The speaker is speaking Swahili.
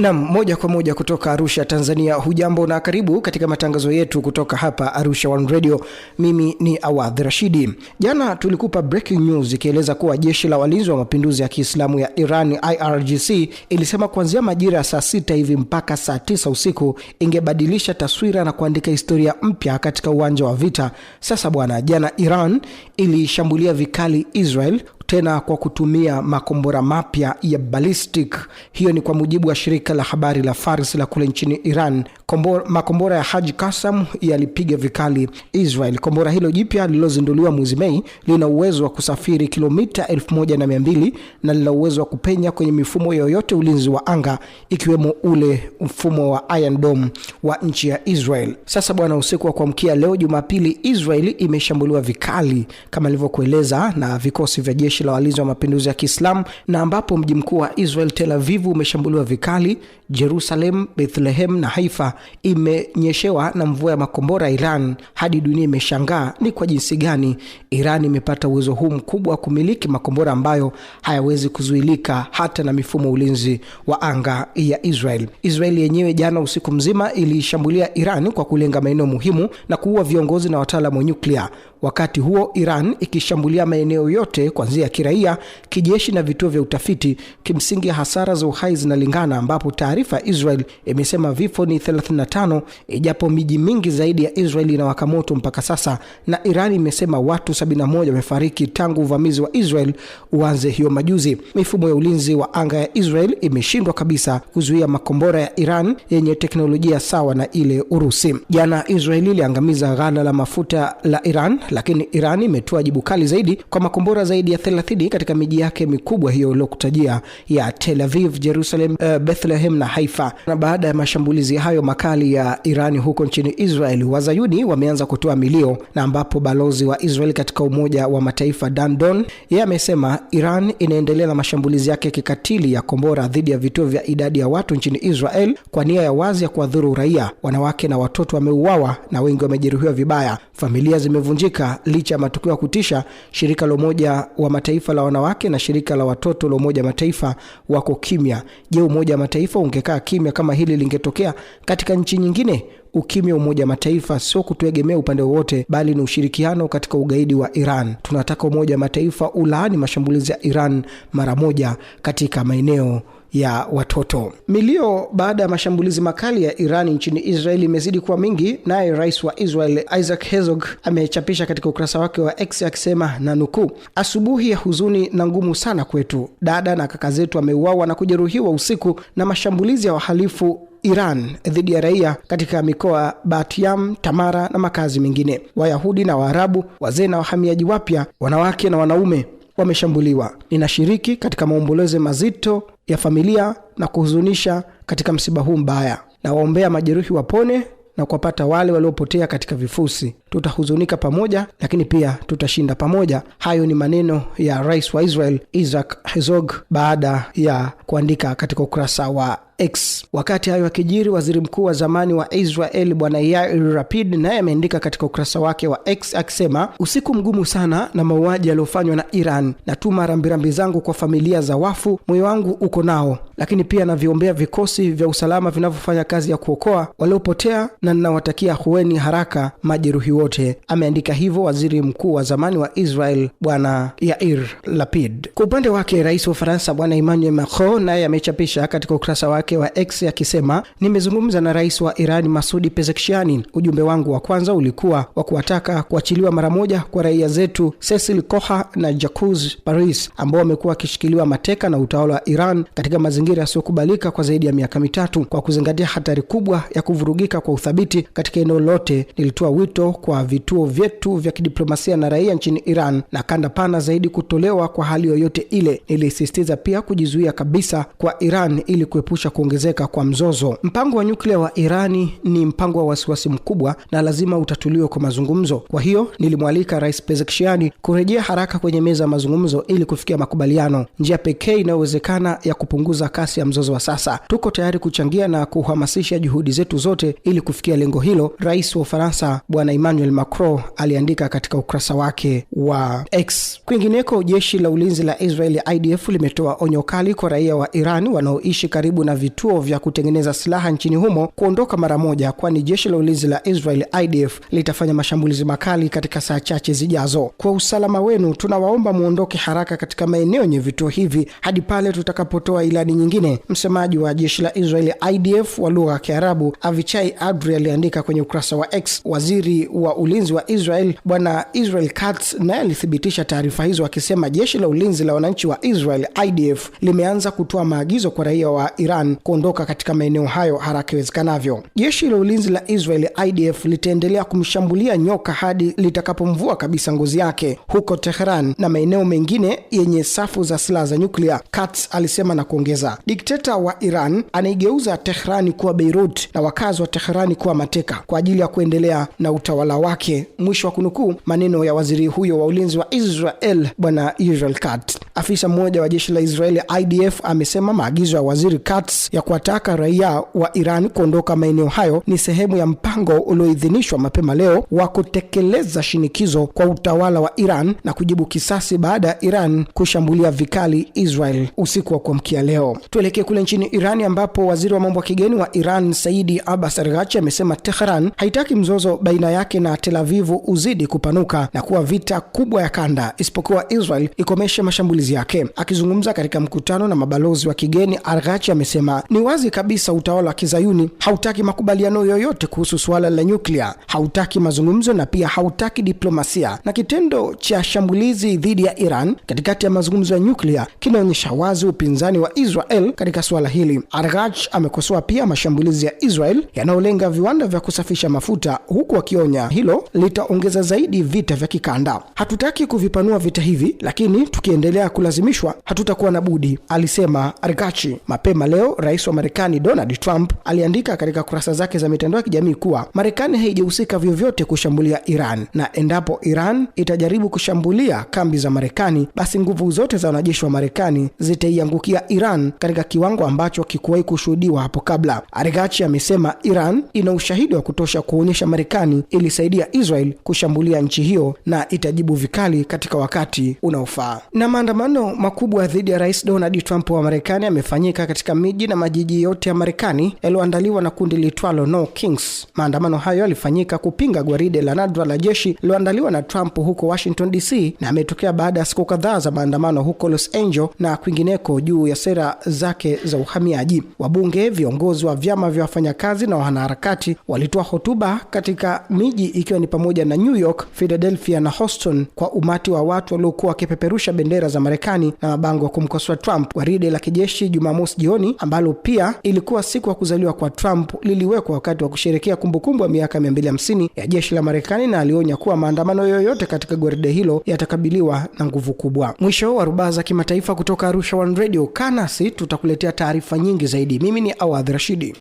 Nam, moja kwa moja kutoka Arusha, Tanzania. Hujambo na karibu katika matangazo yetu kutoka hapa Arusha One Radio. Mimi ni Awadh Rashidi. Jana tulikupa breaking news ikieleza kuwa jeshi la walinzi wa mapinduzi ya Kiislamu ya Iran IRGC ilisema kuanzia majira ya saa sita hivi mpaka saa tisa usiku ingebadilisha taswira na kuandika historia mpya katika uwanja wa vita. Sasa bwana, jana Iran ilishambulia vikali Israel tena kwa kutumia makombora mapya ya ballistic. Hiyo ni kwa mujibu wa shirika la habari la Fars la kule nchini Iran Kombora, makombora ya Haji Kasam yalipiga vikali Israel. Kombora hilo jipya lililozinduliwa mwezi Mei lina uwezo wa kusafiri kilomita 1200 na lina uwezo wa kupenya kwenye mifumo yoyote ulinzi wa anga ikiwemo ule mfumo wa Iron Dome wa nchi ya Israel. Sasa bwana, usiku wa kuamkia leo Jumapili, Israel imeshambuliwa vikali kama ilivyokueleza na vikosi vya jeshi la walinzi wa mapinduzi ya Kiislamu, na ambapo mji mkuu wa Israel Tel Aviv umeshambuliwa vikali. Jerusalem, Bethlehem na Haifa imenyeshewa na mvua ya makombora ya Iran hadi dunia imeshangaa ni kwa jinsi gani Iran imepata uwezo huu mkubwa wa kumiliki makombora ambayo hayawezi kuzuilika hata na mifumo ulinzi wa anga ya Israel. Israel yenyewe jana usiku mzima iliishambulia Iran kwa kulenga maeneo muhimu na kuua viongozi na wataalamu wa nyuklia. Wakati huo Iran ikishambulia maeneo yote kuanzia ya kiraia, kijeshi na vituo vya utafiti. Kimsingi hasara za uhai zinalingana, ambapo taarifa ya Israel imesema vifo ni 35 ijapo e, miji mingi zaidi ya Israeli inawaka moto mpaka sasa, na Iran imesema watu 71 wamefariki tangu uvamizi wa Israel uanze hiyo majuzi. Mifumo ya ulinzi wa anga ya Israel imeshindwa kabisa kuzuia makombora ya Iran yenye teknolojia sawa na ile Urusi. Jana Israeli iliangamiza ghala la mafuta la Iran, lakini Iran imetoa jibu kali zaidi kwa makombora zaidi ya 30 katika miji yake mikubwa hiyo uliokutajia ya Tel Aviv, Jerusalem, uh, Bethlehem na Haifa. Na baada ya mashambulizi hayo makali ya Irani huko nchini Israeli, wazayuni wameanza kutoa milio, na ambapo balozi wa Israeli katika Umoja wa Mataifa Dan Don yeye amesema Iran inaendelea na mashambulizi yake kikatili ya kombora dhidi ya vituo vya idadi ya watu nchini Israel kwa nia ya wazi ya kuwadhuru raia. Wanawake na watoto wameuawa na wengi wamejeruhiwa vibaya. Familia zimevunjika licha ya matukio ya kutisha. Shirika la Umoja wa Mataifa la wanawake na shirika la watoto la Umoja wa Mataifa wako kimya. Je, Umoja wa Mataifa ungekaa kimya kama hili lingetokea katika nchi nyingine? Ukimya wa Umoja wa Mataifa sio kutuegemea upande wowote, bali ni ushirikiano katika ugaidi wa Iran. Tunataka Umoja wa Mataifa ulaani mashambulizi ya Iran mara moja katika maeneo ya watoto. Milio baada ya mashambulizi makali ya Irani nchini Israeli imezidi kuwa mingi, naye rais wa Israel Isaac Herzog amechapisha katika ukurasa wake wa X akisema na nukuu, asubuhi ya huzuni na ngumu sana kwetu, dada na kaka zetu wameuawa na kujeruhiwa usiku na mashambulizi ya wahalifu Iran dhidi ya raia katika mikoa batiam Tamara na makazi mengine. Wayahudi na Waarabu, wazee na wahamiaji wapya, wanawake na wanaume wameshambuliwa. Ninashiriki katika maombolezo mazito ya familia na kuhuzunisha katika msiba huu mbaya, na waombea majeruhi wapone na kuwapata wale waliopotea katika vifusi tutahuzunika pamoja, lakini pia tutashinda pamoja. Hayo ni maneno ya rais wa Israel Isaac hezog baada ya kuandika katika ukurasa wa X. Wakati hayo akijiri, waziri mkuu wa zamani wa Israel bwana Yair rapid naye ameandika katika ukurasa wake wa X akisema, usiku mgumu sana na mauaji yaliyofanywa na Iran. Natuma rambirambi zangu kwa familia za wafu, moyo wangu uko nao, lakini pia naviombea vikosi vya usalama vinavyofanya kazi ya kuokoa waliopotea, na ninawatakia hueni haraka majeruhi wote. Ameandika hivyo waziri mkuu wa zamani wa Israel Bwana Yair Lapid. Kwa upande wake, rais wa Ufaransa Bwana Emmanuel Macron naye amechapisha katika ukurasa wake wa X akisema, nimezungumza na rais wa Iran Masudi Pezeshkian. Ujumbe wangu wa kwanza ulikuwa wa kuwataka kuachiliwa mara moja kwa raia zetu Cecil Koha na Jacques Paris ambao wamekuwa wakishikiliwa mateka na utawala wa Iran katika mazingira yasiyokubalika kwa zaidi ya miaka mitatu. Kwa kuzingatia hatari kubwa ya kuvurugika kwa uthabiti katika eneo lote, nilitoa wito kwa kwa vituo vyetu vya kidiplomasia na raia nchini Iran na kanda pana zaidi kutolewa kwa hali yoyote ile. Nilisisitiza pia kujizuia kabisa kwa Iran ili kuepusha kuongezeka kwa mzozo. Mpango wa nyuklia wa Irani ni mpango wa wasiwasi mkubwa na lazima utatuliwe kwa mazungumzo. Kwa hiyo nilimwalika Rais Pezeshkian kurejea haraka kwenye meza ya mazungumzo ili kufikia makubaliano, njia pekee inayowezekana ya kupunguza kasi ya mzozo wa sasa. Tuko tayari kuchangia na kuhamasisha juhudi zetu zote ili kufikia lengo hilo, Rais wa Ufaransa Bwana Emmanuel Emmanuel Macron aliandika katika ukurasa wake wa X. Kwingineko, jeshi la ulinzi la Israeli IDF limetoa onyo kali kwa raia wa Iran wanaoishi karibu na vituo vya kutengeneza silaha nchini humo kuondoka mara moja, kwani jeshi la ulinzi la Israeli IDF litafanya mashambulizi makali katika saa chache zijazo. Kwa usalama wenu, tunawaomba muondoke haraka katika maeneo yenye vituo hivi hadi pale tutakapotoa ilani nyingine. Msemaji wa jeshi la Israeli IDF wa lugha ya Kiarabu Avichai Adri aliandika kwenye ukurasa wa X. Waziri wa wa ulinzi wa Israel Bwana Israel Katz naye alithibitisha taarifa hizo akisema jeshi la ulinzi la wananchi wa Israel IDF limeanza kutoa maagizo kwa raia wa Iran kuondoka katika maeneo hayo haraka iwezekanavyo. Jeshi la ulinzi la Israel IDF litaendelea kumshambulia nyoka hadi litakapomvua kabisa ngozi yake huko Tehran na maeneo mengine yenye safu za silaha za nyuklia, Katz alisema na kuongeza, dikteta wa Iran anaigeuza Teherani kuwa Beirut na wakazi wa Teherani kuwa mateka kwa ajili ya kuendelea na utawala wake, mwisho wa kunukuu maneno ya waziri huyo wa ulinzi wa Israel Bwana Israel Katz. Afisa mmoja wa jeshi la Israeli IDF amesema maagizo ya waziri Katz ya kuwataka raia wa Iran kuondoka maeneo hayo ni sehemu ya mpango ulioidhinishwa mapema leo wa kutekeleza shinikizo kwa utawala wa Iran na kujibu kisasi baada ya Iran kushambulia vikali Israel usiku wa kuamkia leo. Tuelekee kule nchini Irani ambapo waziri wa mambo ya kigeni wa Iran Saidi Abbas Araghchi amesema Tehran haitaki mzozo baina yake na Tel Avivu uzidi kupanuka na kuwa vita kubwa ya kanda, isipokuwa Israel ikomeshe mashambulio mashambulizi yake. Akizungumza katika mkutano na mabalozi wa kigeni, Arghachi amesema ni wazi kabisa utawala wa kizayuni hautaki makubaliano yoyote kuhusu suala la nyuklia, hautaki mazungumzo na pia hautaki diplomasia, na kitendo cha shambulizi dhidi ya Iran katikati ya mazungumzo ya nyuklia kinaonyesha wazi upinzani wa Israel katika suala hili. Argach amekosoa pia mashambulizi ya Israel yanayolenga viwanda vya kusafisha mafuta, huku akionya hilo litaongeza zaidi vita vya kikanda. Hatutaki kuvipanua vita hivi, lakini tukiendelea kulazimishwa, hatutakuwa na budi, alisema Arikachi. Mapema leo rais wa Marekani Donald Trump aliandika katika kurasa zake za mitandao ya kijamii kuwa Marekani haijahusika vyovyote kushambulia Iran, na endapo Iran itajaribu kushambulia kambi za Marekani, basi nguvu zote za wanajeshi wa Marekani zitaiangukia Iran katika kiwango ambacho kikuwahi kushuhudiwa hapo kabla. arigachi amesema Iran ina ushahidi wa kutosha kuonyesha Marekani ilisaidia Israel kushambulia nchi hiyo na itajibu vikali katika wakati unaofaa na maandamano Maandamano makubwa dhidi ya Rais Donald Trump wa Marekani yamefanyika katika miji na majiji yote ya Marekani yaliyoandaliwa na kundi litwalo No Kings. Maandamano hayo yalifanyika kupinga gwaride la nadra la jeshi lililoandaliwa na Trump huko Washington DC na ametokea baada ya siku kadhaa za maandamano huko Los Angeles na kwingineko juu ya sera zake za uhamiaji. Wabunge, viongozi wa vyama vya wafanyakazi na wanaharakati walitoa hotuba katika miji ikiwa ni pamoja na New York, Philadelphia na Houston kwa umati wa watu waliokuwa wakipeperusha bendera za Marekani na mabango ya kumkosoa Trump gwaride la kijeshi Jumamosi jioni ambalo pia ilikuwa siku ya kuzaliwa kwa Trump liliwekwa wakati wa kusherekea kumbukumbu ya miaka 250 ya jeshi la Marekani na alionya kuwa maandamano yoyote katika gwaride hilo yatakabiliwa na nguvu kubwa. Mwisho wa rubaa za kimataifa kutoka Arusha One Radio, kaa nasi tutakuletea taarifa nyingi zaidi. Mimi ni Awadh Rashidi.